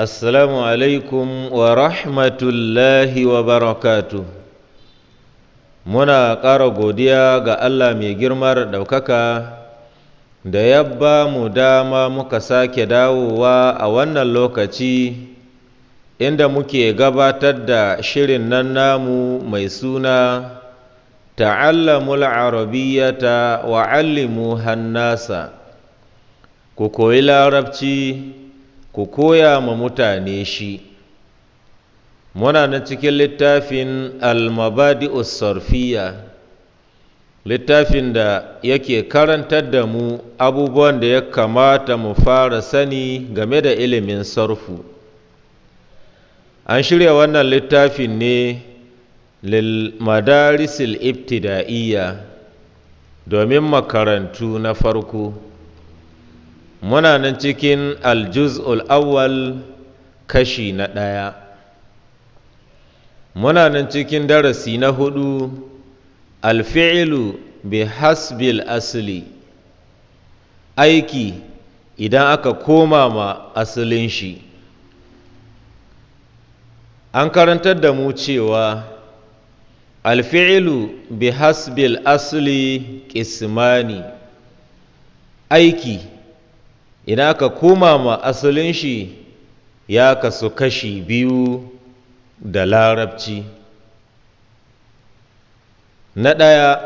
assalamu alaikum wa rahmatullahi wa barakatu muna ƙara godiya ga allah mai girmar ɗaukaka da ya ba mu dama muka sake dawowa a wannan lokaci inda muke gabatar da shirin nan namu mai suna ta'allamul arabiyyata wa allimu hannasa ku koyi larabci ku koya ma mutane shi muna na cikin littafin almabadi sarfiya littafin da yake karantar da mu abubuwan da ya kamata mu fara sani game da ilimin sarfu an shirya wannan littafin ne lil madarisil ibtida'iyya domin makarantu na farko muna nan cikin aljuz'ul awwal kashi na ɗaya muna nan cikin darasi na hudu alfi'ilu bi hasbil asli aiki idan aka koma ma asalin shi an karantar da mu cewa alfi'ilu bi hasbil asli ƙismani aiki ina ka koma ma asalin shi ya kasu kashi biyu da larabci na ɗaya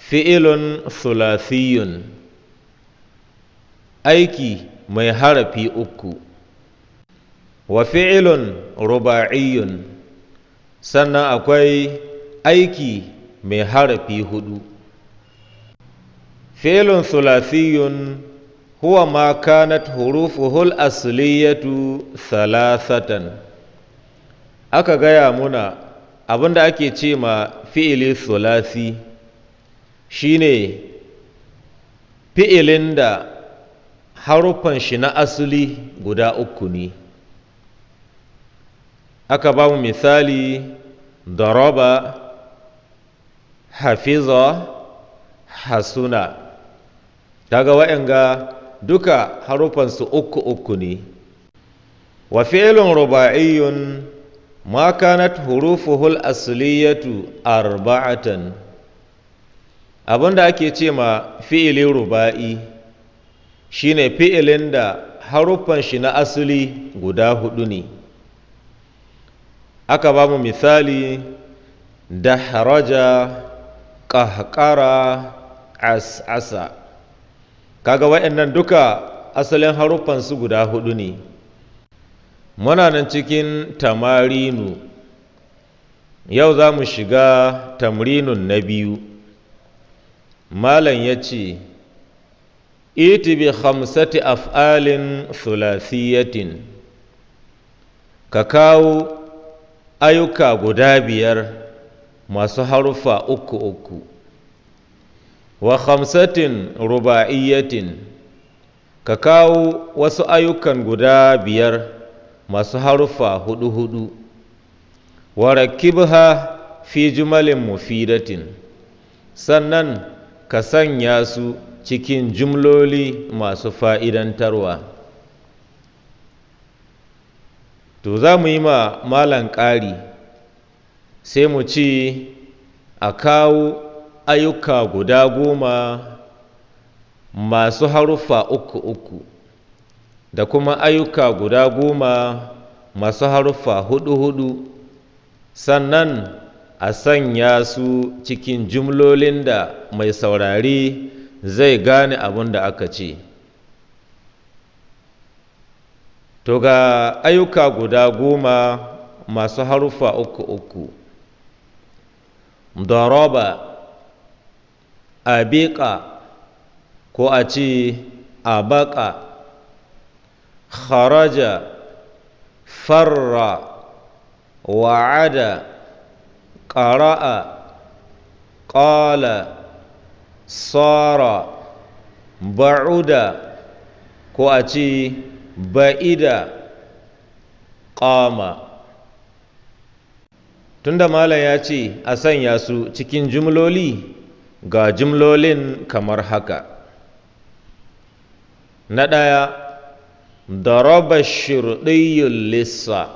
fi'ilun sulafiyun aiki mai harafi uku wa fi'ilun ruba'iyun sannan akwai aiki mai harafi hudu fi'ilun thulathiyun huwa ma kanat hurufuhul asliyatu thalathatan aka gaya muna abinda ake ce ma fi'ili sulasi shine fi'ilin da haruffan shi na asali guda uku ne aka ba mu misali daraba hafiza hasuna daga wa'anga duka harufansu uku uku ne wa fi'lun ruba'iyyun ma kanat hurufuhul asliyatu arba'atan abinda ake ce ma fi'ilin ruba'i shine fi'ilin da haruffan shi na asali guda hudu ne aka ba mu misali da haraja ƙahƙara as'asa kaga waɗannan duka asalin haruffansu guda hudu ne muna nan cikin tamarinu yau za mu shiga tamrinun na biyu malam ya ce iti bi hamsati af'alin sulasiyatin ka kawo ayyuka guda biyar masu haruffa uku uku wa khamsatin ruba'iyyatin ka kawo wasu ayyukan guda biyar masu haruffa hudu-hudu wa rakibha fi jumalin mufidatin sannan ka sanya su cikin jumloli masu fa'idantarwa to za mu yi ma malan ƙari sai mu ci a kawo ayyuka guda goma masu harufa uku uku da kuma ayyuka guda goma masu harufa hudu hudu sannan a sanya su cikin jumlolin da mai saurari zai gane abin da aka ce to ga ayyuka guda goma masu harufa uku uku daraba abiƙa ko a ce abaƙa kharaja farra wa'ada ƙara'a ƙala sara ba'uda ko a ce ba'ida ƙama tunda malam ya ce a sanya su cikin jumloli ga jimlolin kamar haka na ɗaya daraba shirɗiyyun lissa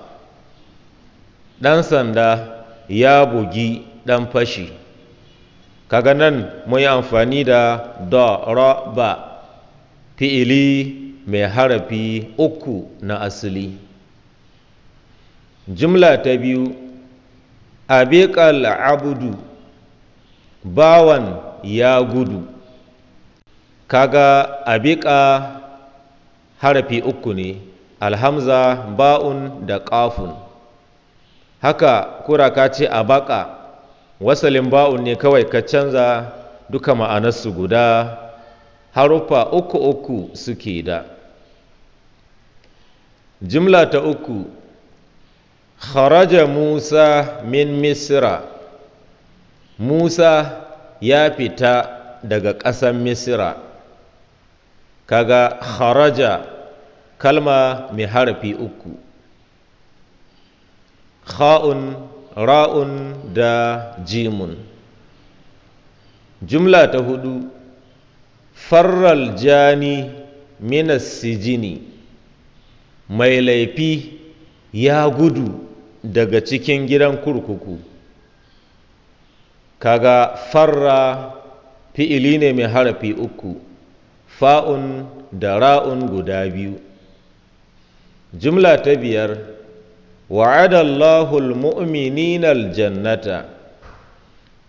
ɗan sanda ya bugi ɗan fashi kaga nan mun yi amfani da daraba fi'ili mai harafi uku na asali jimla ta biyu abiƙal abudu bawan ya gudu kaga abiƙa harafi uku ne alhamza ba'un da ƙafun haka ka ce a baƙa wasalin ba'un ne kawai ka canza duka ma'anarsu guda harufa uku uku suke da jimla ta uku kharaja musa min misra Musa ya fita daga ƙasar Misira, kaga haraja kalma mai harafi uku, ha'un, ra'un da jimun. Jumla ta hudu, farral jani minas sijini, mai laifi ya gudu daga cikin gidan kurkuku. kaga farra fi'ili ne mai harafi uku fa'un da ra'un guda biyu jumla ta biyar wa'adallahu mu’aminin aljannata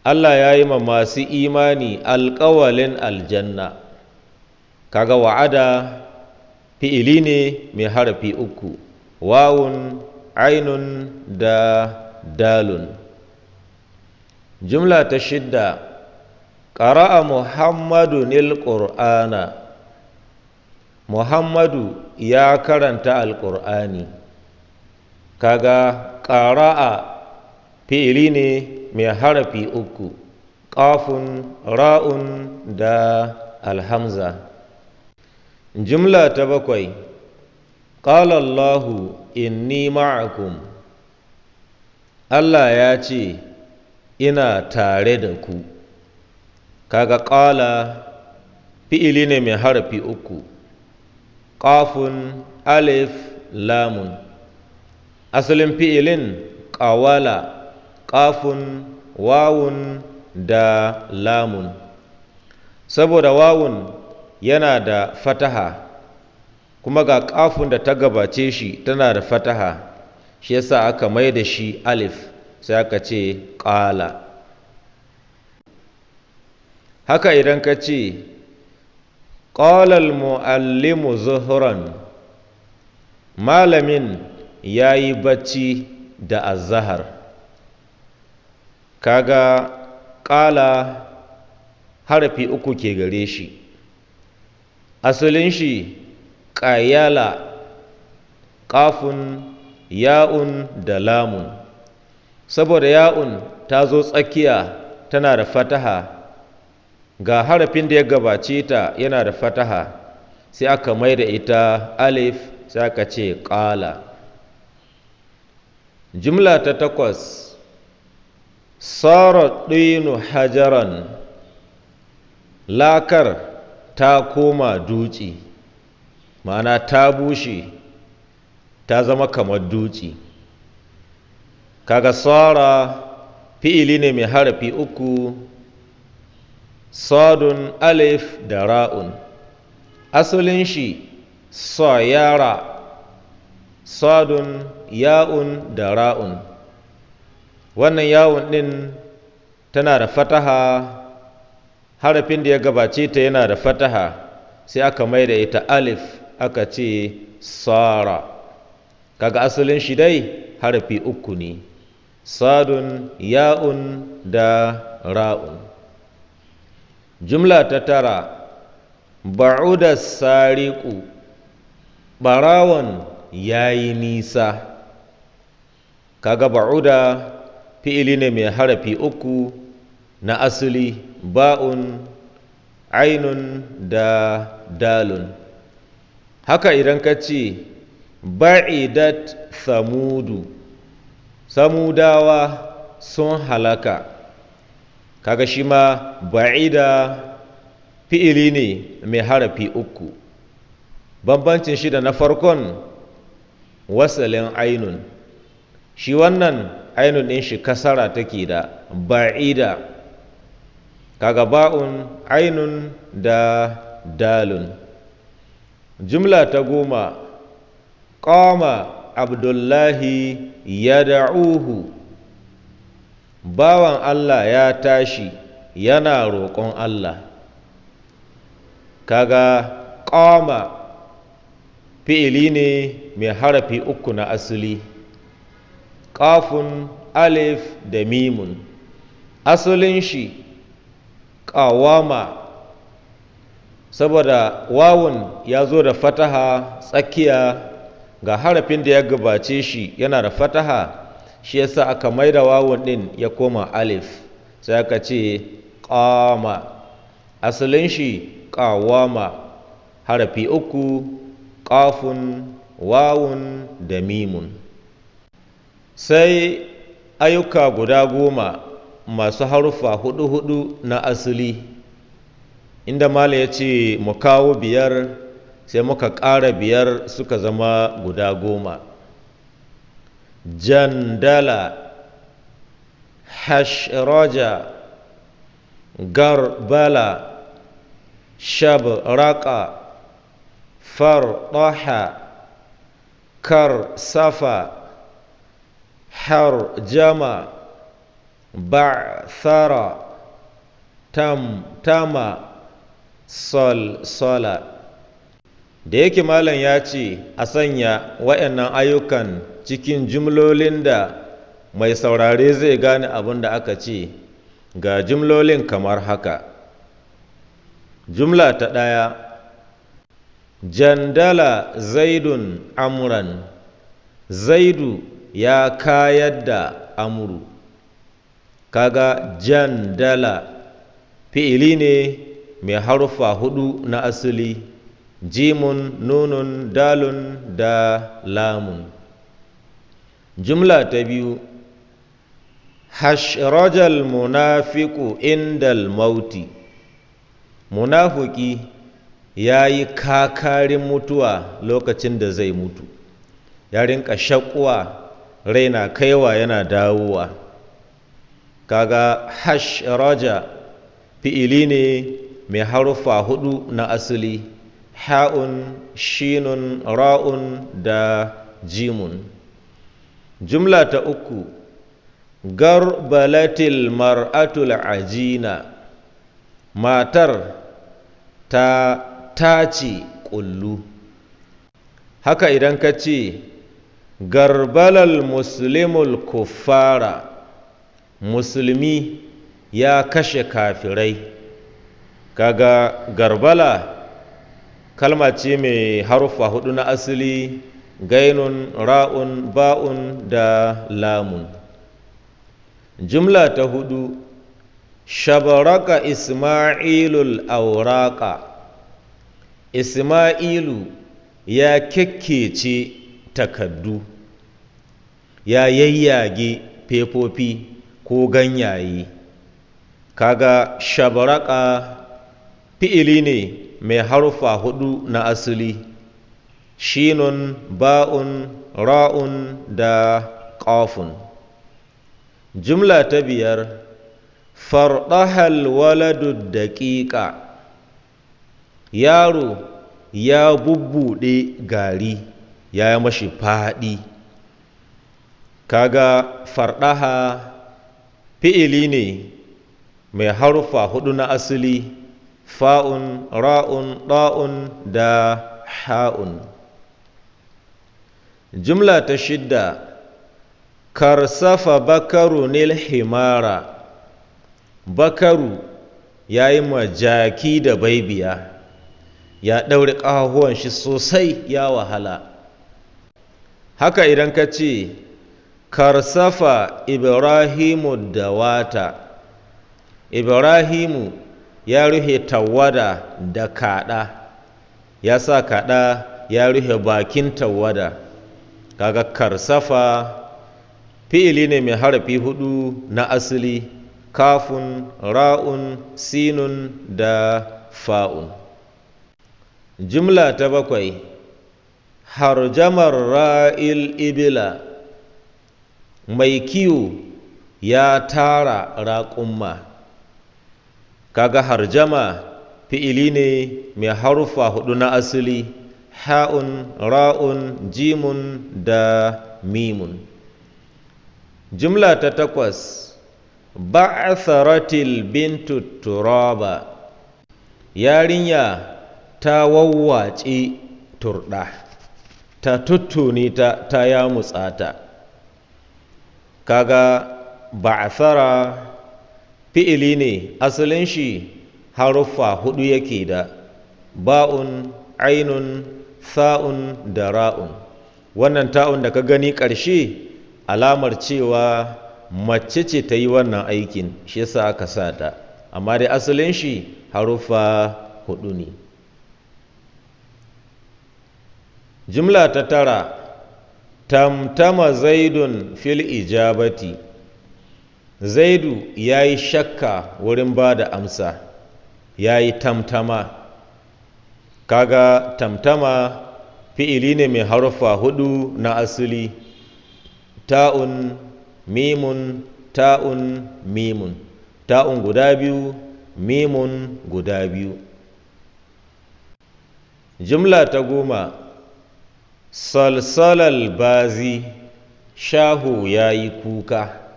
Allah ya yi ma masu imani alƙawalin aljanna kaga wa'ada fi'ili ne mai harafi uku wawun ainun da dalun jumla ta shidda ƙara'a muhammadu nil muhammadu ya karanta alƙur'ani kaga ƙara'a fi'ili ne mai harafi uku ƙafin, ra'un da alhamza jumla ta bakwai ƙalallahu inni ma'akum allah ya ce ina tare da ku kaga ƙala fi'ili ne mai harafi uku ƙafun alif lamun asalin fi'ilin ƙawala ƙafun wawun da lamun saboda wawun yana da fataha kuma ga ƙafun da ta gabace shi tana da fataha shi yasa aka mai da shi alif sai aka ce ƙala haka idan ka ce ƙalal mu'allimu zuhuran malamin ya yi bacci da azahar kaga ƙala harafi uku ke gare shi asalin shi ƙayala ƙafun ya'un da lamun saboda ya'un ta zo tsakiya tana da fataha ga harafin da ya gabace ta yana da fataha sai aka mai da ita alif sai aka ce ƙala jimla ta takwas tsara ɗinu hajaran lakar ta koma dutse ma'ana ta bushe ta zama kamar dutse kaga sara fi'ili ne mai harafi uku sadun alif da ra'un asalin shi sayara sadun ya'un da ra'un wannan yawun ɗin tana da fataha harafin da ya gabace ta yana da fataha sai aka mai da ita alif aka ce sara kaga asalin shi dai harafi uku ne sadun ya'un da ra'un jumla ta tara ba'uda sariku ɓarawon yayi nisa kaga ba'uda fi'ili ne mai harafi uku na asali ba'un ainun da dalun haka idan ka ce ba'idat samudu samudawa sun halaka kaga shi ma ba'ida fi'ili ne mai harafi uku bambancin shi da na farkon wasalin ainun shi wannan ainun ɗin shi kasara take da ba'ida kaga ba'un ainun da dalun jumla ta goma ƙoma abdullahi ya da'uhu bawan Allah ya tashi yana roƙon Allah kaga ƙoma fi'ili ne mai harafi uku na asali ƙafun alif da mimun asalin shi ƙawama saboda wawun ya zo da fataha tsakiya ga harafin da ya gabace shi yana da fataha shi yasa aka maida wawun din ya koma alif sai aka ce qama asalin shi qawama harafi uku qafun wawun da mimun sai ayyuka guda goma masu harufa hudu-hudu na asali inda mala ya ce mu kawo biyar sai muka ƙara biyar suka zama guda goma jandala hashraja garbala shabraka farɗaha karsafa harjama ba'thara tamtama sola da yake malam ya ce a sanya wayannan ayyukan cikin jimlolin da mai saurare zai gane abin da aka ce ga jimlolin kamar haka jumla ta ɗaya jandala zaidun amuran zaidu ya kayar da amuru kaga jandala fi'ili ne mai harufa hudu na asali jimun nunun dalun da lamun jumla ta biyu hashirajal munafiku indal mauti munafuki ya yi kakarin mutuwa lokacin da zai mutu ya rinka shakuwa raina kaiwa yana dawowa kaga hashiraja fi'ili ne mai harufa hudu na asali ha'un shinun ra'un da jimun jumla ta uku garbalatil mar'atul ajina matar ta tace ƙullu haka idan ka ce garbalal muslimul kuffara musulmi ya kashe kafirai kaga garbala kalma ce mai harufa hudu na asali gainun ra'un ba'un da lamun jumla ta hudu shabaraka ismailul auraka ismailu ya kekkece takaddu ya yayyage fefofi ko ganyaye kaga shabaraka fi'ili ne mai harfa hudu na asali shinun ba'un ra'un da ƙafun jumla ta biyar farɗahal waladu daƙiƙa yaro ya bubbuɗe gari ya yi mashi faɗi kaga farɗaha fi'ili ne mai harfa hudu na asali fa'un ra'un ɗa'un da ha'un jumla ta shidda karsafa bakaru nil himara bakaru ya yi majaki da baibiya ya ɗaure ƙahuwan shi sosai ya wahala haka idan ka ce karsafa ibrahimu da wata, ibrahimu ya rufe tawada da kaɗa ya sa kaɗa ya rufe bakin tawada kaga karsafa fi'ili ne mai harafi hudu na asali kafun ra'un sinun da fa'un Jumla ta bakwai harjamar ra'il ibila mai kiwo ya tara raƙumma kaga harjama fi'ili ne mai harufa hudu na asali ha'un ra'un jimun da mimun jumla ta takwas ba'atharatil bintu turaba yarinya ta wawwaci turda ta tuttuni ta ta yamutsa ta kaga ba'athara fi'ili ne asalin shi haruffa hudu yake da ba'un ainun sa'un da ra'un wannan ta'un da ka gani ƙarshe alamar cewa mace ce ta yi wannan aikin shi yasa aka sa ta amma dai asalin shi haruffa hudu ne jimla ta tara tamtama zaidun fil ijabati zaidu ya yi shakka wurin ba da amsa ya yi tamtama kaga tamtama fi'ili ne mai harfa hudu na asali ta'un mimun ta'un mimun ta'un guda biyu mimun guda biyu jimla ta goma salsalal bazi shahu ya yi kuka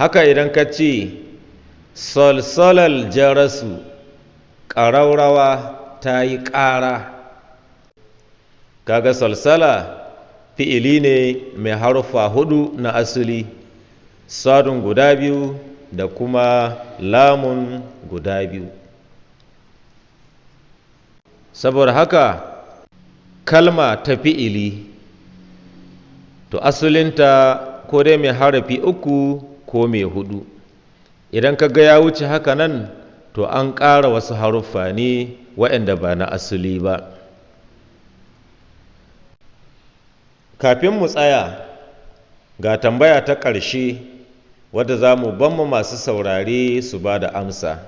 haka idan ka ce salsalal jarasu ƙaraurawa ta yi ƙara kaga salsala fi'ili ne mai harfa hudu na asali sadun guda biyu da kuma lamun guda biyu saboda haka kalma ta fi'ili to asalinta ko dai mai harafi uku ko mai hudu idan ka ga ya wuce haka nan to an ƙara wasu haruffa ne waɗanda ba na asali ba kafin mu tsaya ga tambaya ta ƙarshe wadda za mu ban mu masu saurare su ba da amsa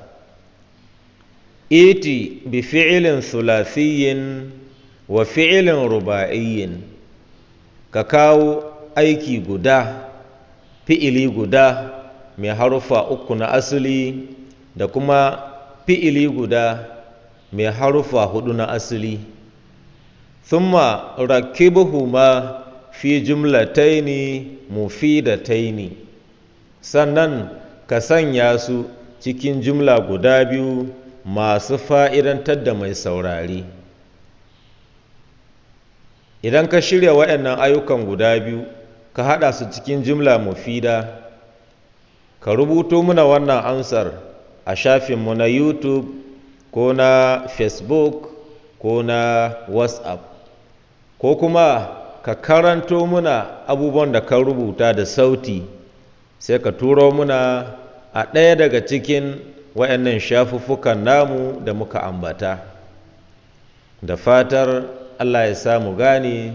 iti bi fi'ilin sulasiyin wa fi'ilin ruba'iyin ka kawo aiki guda fi'ili guda mai harufa uku na asali da kuma fi'ili guda mai harufa hudu na asali thumma rakibuhuma fi jumlataini ni. sannan ka sanya su cikin jumla guda biyu masu fa'idantar da mai saurari idan ka shirya waɗannan ayyukan guda biyu ka haɗa su cikin jimla mufida ka rubuto muna wannan ansar a shafinmu na youtube ko na facebook ko na whatsapp ko kuma ka karanto muna abubuwan da ka rubuta da sauti sai ka turo muna a ɗaya daga cikin waɗannan shafuffukan namu da muka ambata da fatar allah ya samu gane